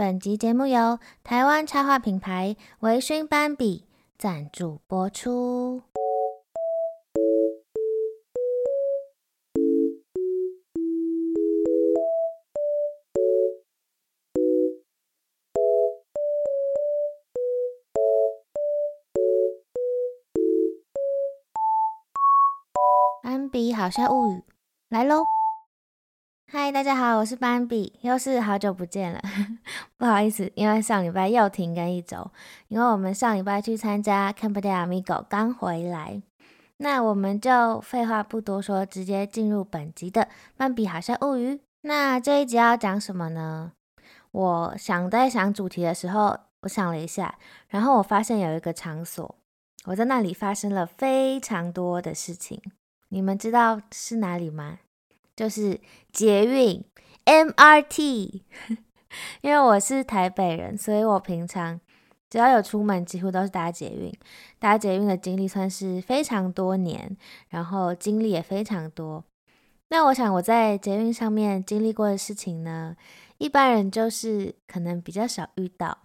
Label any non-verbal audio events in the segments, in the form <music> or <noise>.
本集節目由臺灣插畫品牌維勳斑比贊助播出。斑 <noise> 比好笑物語來嘍！嗨，大家好，我是斑比，又是好久不見了呵呵，不好意思，因為上禮拜又停更一周，因為我們上禮拜去參加《Can't Be Amigo》剛回來，那我們就廢話不多說，直接進入本集的斑比搞笑物語。那這一集要講什麼呢？我想在想主題的時候，我想了一下，然後我發現有一個場所，我在那裡發生了非常多的事情，你們知道是哪裡嗎？就是捷運 MRT， <laughs> 因為我是台北人，所以我平常只要有出門，幾乎都是搭捷運。搭捷運的經歷算是非常多年，然後經歷也非常多。那我想我在捷運上面經歷過的事情呢，一般人就是可能比較少遇到，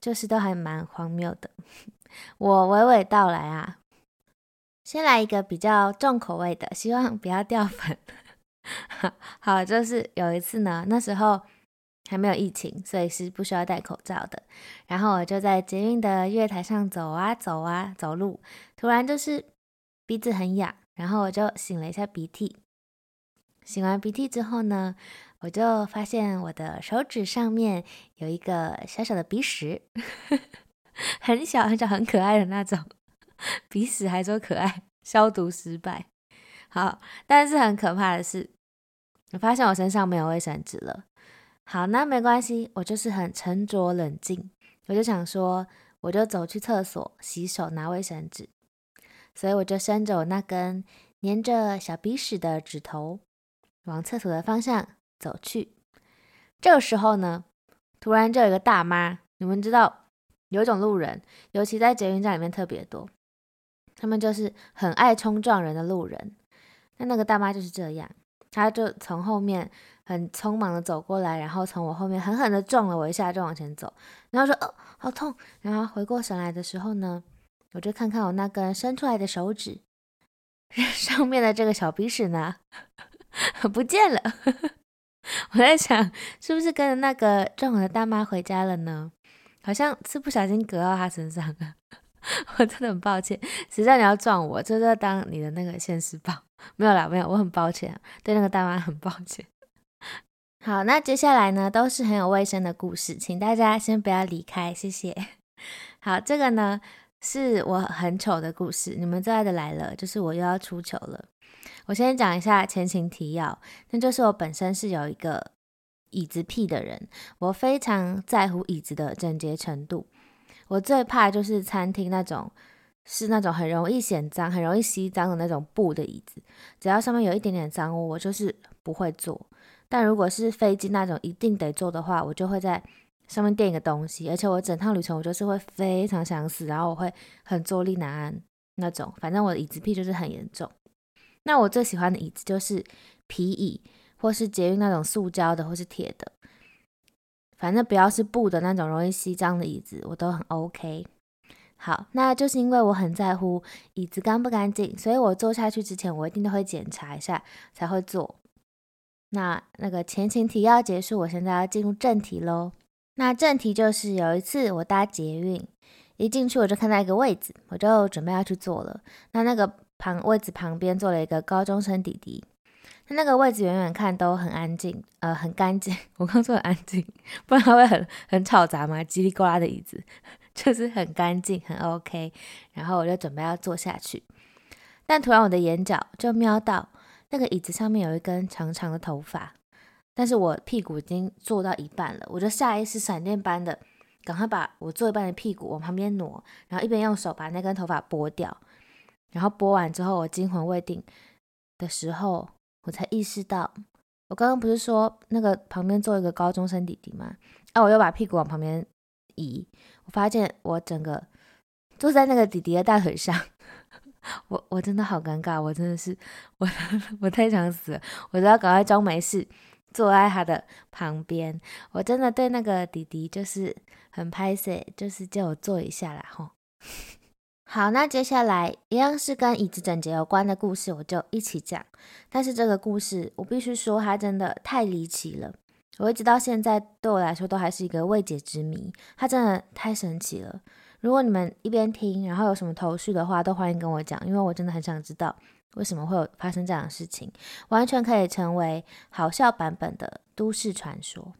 就是都還蠻荒謬的。 <laughs> 我娓娓道來啊，先來一個比較重口味的，希望不要掉粉。 <laughs> 好，就是有一次呢，那時候還沒有疫情，所以是不需要戴口罩的。然後我就在捷運的月台上走啊走啊走路，突然就是鼻子很癢，然後我就擤了一下鼻涕。擤完鼻涕之後呢，我就發現我的手指上面有一個小小的鼻屎， <laughs> 很小很小很可愛的那種鼻屎，還說可愛，消毒失敗。好，但是很可怕的是，我發現我身上沒有衛生紙了。好，那沒關係，我就是很沉着冷靜。我就想說，我就走去廁所洗手拿衛生紙。所以我就伸着我那根粘着小鼻屎的指頭，往廁所的方向走去。這個時候呢，突然就有一個大媽，你們知道，有一種路人，尤其在捷運站裡面特別多，他們就是很愛衝撞人的路人。那那個大媽就是這樣，她就從後面很匆忙的走過來，然後從我後面狠狠的撞了我一下，就往前走，然後說：“哦，好痛。”然後回過神來的時候呢，我就看看我那個伸出來的手指，上面的這個小鼻屎呢不見了。呵呵。我在想，是不是跟着那個撞我的大媽回家了呢？好像是不小心隔到她身上了。我真的很抱歉，誰叫你要撞我，就是要當你的那個現世報。沒有啦，沒有，我很抱歉、啊，對那個大媽很抱歉。好，那接下來呢，都是很有衛生的故事，請大家先不要離開，謝謝。好，這個呢，是我很醜的故事，你們最愛的來了，就是我又要出糗了。我先講一下前情提要，那就是我本身是有一個椅子癖的人，我非常在乎椅子的整潔程度，我最怕就是餐廳那種。是那種很容易顯髒、很容易吸髒的那種布的椅子，只要上面有一點點髒污，我就是不會坐。但如果是飛機那種一定得坐的話，我就會在上面墊一個東西。而且我整趟旅程我就是會非常想死，然後我會很坐立難安那種。反正我的椅子癖就是很嚴重。那我最喜歡的椅子就是皮椅，或是捷運那種塑膠的，或是鐵的，反正不要是布的那種容易吸髒的椅子，我都很 OK。好，那就是因為我很在乎椅子乾不乾淨，所以我坐下去之前，我一定都會檢查一下才會坐。那那個前情提要結束，我現在要進入正題嘍。那正題就是有一次我搭捷運，一進去我就看到一個位子，我就準備要去坐了。那那個旁位子旁邊坐了一個高中生弟弟，他那個位子遠遠看都很安靜，呃，很乾淨。 <laughs> 我剛說很安靜，不然他會很很吵雜嗎？嘰里呱啦的椅子。就是很乾淨，很 OK，然後我就準備要坐下去，但突然我的眼角就瞄到那個椅子上面有一根長長的頭髮，但是我屁股已經坐到一半了，我就下意識閃電般的趕快把我坐一半的屁股往旁邊挪，然後一邊用手把那根頭髮撥掉，然後撥完之後我驚魂未定的時候，我才意識到我剛剛不是說那個旁邊坐一個高中生弟弟嗎？哎、啊，我又把屁股往旁邊。咦，我發現我整個坐在那個弟弟的大腿上，我我真的好尷尬，我真的是，我我太想死了，我都要趕快裝沒事，坐在他的旁邊。我真的對那個弟弟就是很歹勢就是叫我坐一下啦。吼。好，那接下來一樣是跟椅子整潔有關的故事，我就一起講。但是這個故事，我必須說，它真的太離奇了。我一直到現在，對我來說都還是一個未解之謎。它真的太神奇了。如果你們一邊聽，然後有什麼頭緒的話，都歡迎跟我講，因為我真的很想知道為什麼會有發生這樣的事情。完全可以成為好笑版本的都市傳說。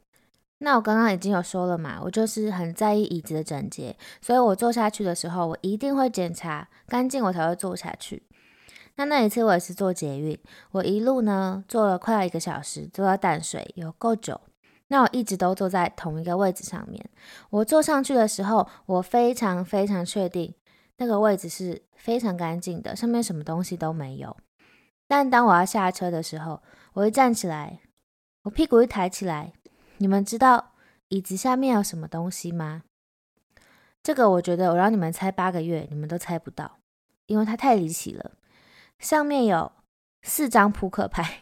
那我剛剛已經有說了嘛，我就是很在意椅子的整潔，所以我坐下去的時候，我一定會檢查乾淨，我才會坐下去。那那一次我也是坐捷運，我一路呢坐了快要一個小時，坐到淡水有夠久。那我一直都坐在同一個位置上面。我坐上去的時候，我非常非常確定那個位置是非常乾淨的，上面什麼東西都沒有。但當我要下車的時候，我一站起來，我屁股一抬起來，你們知道椅子下面有什麼東西嗎？這個我覺得我讓你們猜八個月，你們都猜不到，因為它太離奇了。上面有四張撲克牌，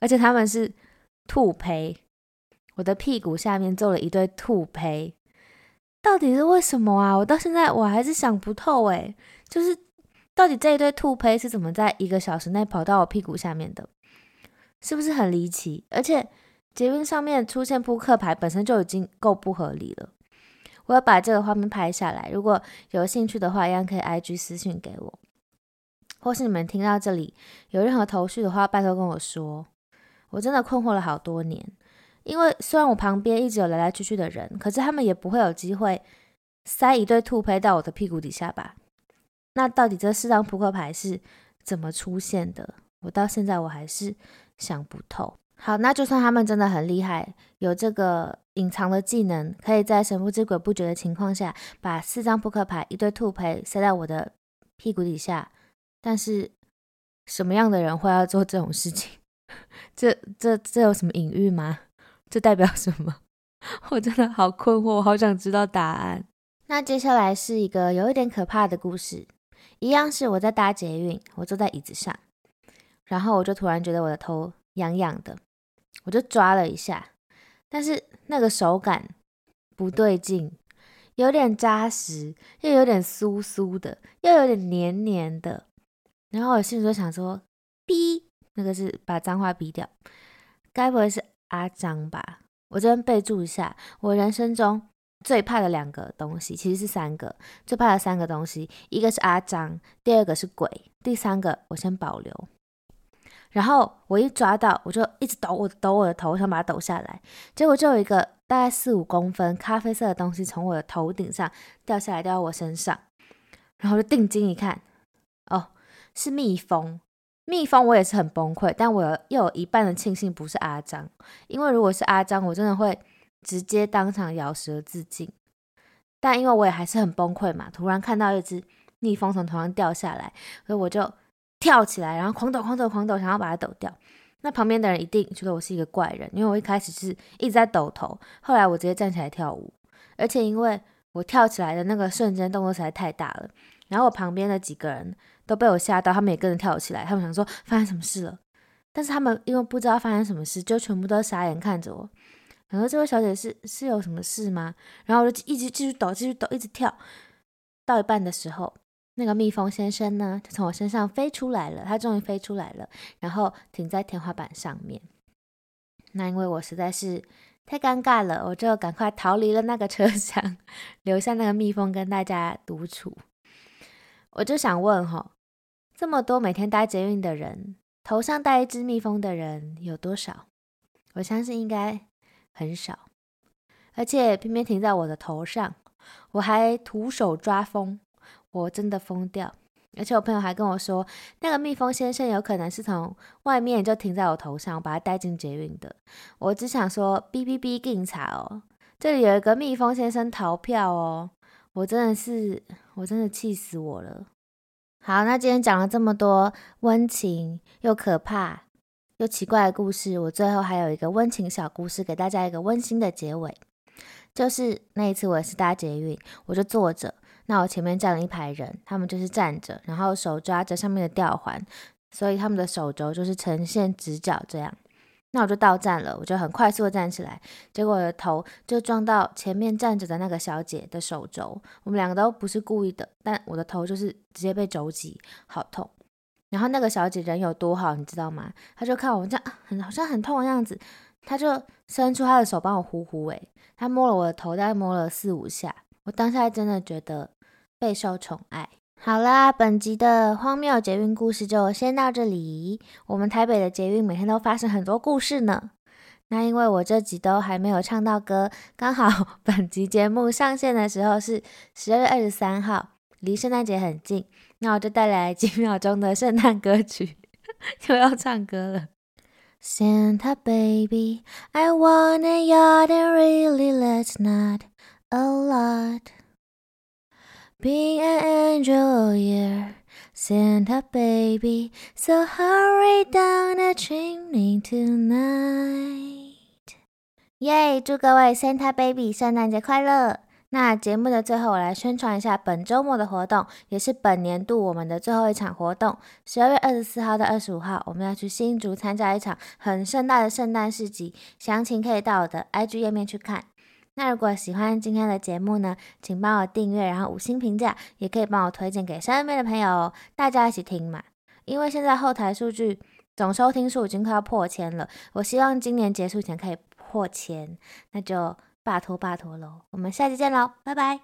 而且他們是兔胚。我的屁股下面坐了一對兔胚，到底是為什麼啊？我到現在我還是想不透誒，就是到底這一對兔胚是怎麼在一個小時內跑到我屁股下面的，是不是很離奇？而且捷運上面出現撲克牌本身就已經夠不合理了。我要把這個畫面拍下來，如果有興趣的話，一樣可以 IG 私訊給我。或是你們聽到這裡有任何頭緒的話，拜托跟我說。我真的困惑了好多年，因為雖然我旁邊一直有來來去去的人，可是他們也不會有機會塞一堆兔胚到我的屁股底下吧？那到底這四張撲克牌是怎麼出現的？我到現在我還是想不透。好，那就算他們真的很厲害，有這個隱藏的技能，可以在神不知鬼不覺的情況下把四張撲克牌一堆兔胚塞在我的屁股底下。但是，什麼樣的人會要做這種事情？這、這、這有什麼隱喻嗎？這代表什麼？我真的好困惑，我好想知道答案。那接下來是一個有一點可怕的故事。一樣是我在搭捷運，我坐在椅子上，然後我就突然覺得我的頭癢癢的，我就抓了一下，但是那個手感不對勁，有點紮實，又有點酥酥的，又有點黏黏的。然後我心裡就想說，逼，那個是把髒話逼掉，該不會是阿蟑吧？我這邊備注一下，我人生中最怕的兩個東西，其實是三個，最怕的三個東西，一個是阿蟑，第二個是鬼，第三個我先保留。然後我一抓到，我就一直抖我，我抖我的頭，我想把它抖下來。結果就有一個大概四五公分咖啡色的東西從我的頭頂上掉下來，掉到我身上，然後就定睛一看。是蜜蜂，蜜蜂我也是很崩潰，但我有又有一半的慶幸不是阿張，因為如果是阿張，我真的會直接當場咬舌自盡。但因為我也還是很崩潰嘛，突然看到一隻蜜蜂從頭上掉下來，所以我就跳起來，然後狂抖、狂抖、狂抖，想要把它抖掉。那旁邊的人一定覺得我是一個怪人，因為我一開始是一直在抖頭，後來我直接站起來跳舞，而且因為我跳起來的那個瞬間動作實在太大了，然後我旁邊的幾個人。都被我嚇到，他們也跟着跳起來。他們想說發生什麼事了，但是他們因為不知道發生什麼事，就全部都傻眼看着我。然後這位小姐是是有什麼事嗎？然後我就一直繼續抖，繼續抖，一直跳。到一半的時候，那個蜜蜂先生呢，就從我身上飛出來了。他終於飛出來了，然後停在天花板上面。那因為我實在是太尷尬了，我就趕快逃離了那個車廂，留下那個蜜蜂跟大家獨處。我就想問哈。這麼多每天搭捷運的人，頭上戴一隻蜜蜂的人有多少？我相信應該很少，而且偏偏停在我的頭上，我還徒手抓蜂，我真的瘋掉。而且我朋友還跟我說，那個蜜蜂先生有可能是從外面就停在我頭上，我把它帶進捷運的。我只想說，嗶嗶嗶，警察哦，這裡有一個蜜蜂先生逃票哦，我真的是，我真的氣死我了。好，那今天講了這麼多溫情又可怕又奇怪的故事，我最後還有一個溫情小故事，給大家一個溫馨的結尾。就是那一次，我也是搭捷運，我就坐着，那我前面站了一排人，他們就是站着，然後手抓着上面的吊環，所以他們的手肘就是呈現直角這樣。那我就到站了，我就很快速地站起來，結果我的頭就撞到前面站着的那個小姐的手肘。我們兩個都不是故意的，但我的頭就是直接被肘擊，好痛。然後那個小姐人有多好，你知道嗎？她就看我這樣，啊、好像很痛的樣子，她就伸出她的手幫我呼呼。誒，她摸了我的頭，大概摸了四五下。我當下還真的覺得備受寵愛。好啦，本集的荒謬捷運故事就先到這裡。我們台北的捷運每天都發生很多故事呢。那因為我這集都還沒有唱到歌，剛好本集節目上線的時候是十二月二十三號，離聖誕節很近，那我就帶來幾秒鐘的聖誕歌曲， <laughs> 又要唱歌了。Santa baby, I want a yacht and really that's not a lot. Being an angel, yeah, Santa baby, so hurry down the training tonight. 耶、yeah，祝各位 Santa baby 聖誕節快樂！那節目的最後，我來宣傳一下本周末的活動，也是本年度我們的最後一場活動。十二月二十四號到二十五號，我們要去新竹參加一場很盛大的聖誕市集，詳情可以到我的 IG 頁面去看。那如果喜歡今天的節目呢，請幫我訂閱，然後五星評價，也可以幫我推薦給身邊的朋友，大家一起聽嘛。因為現在後台數據總收聽數已經快要破千了，我希望今年結束前可以破千，那就拜托拜托嘍。我們下期見嘍，拜拜。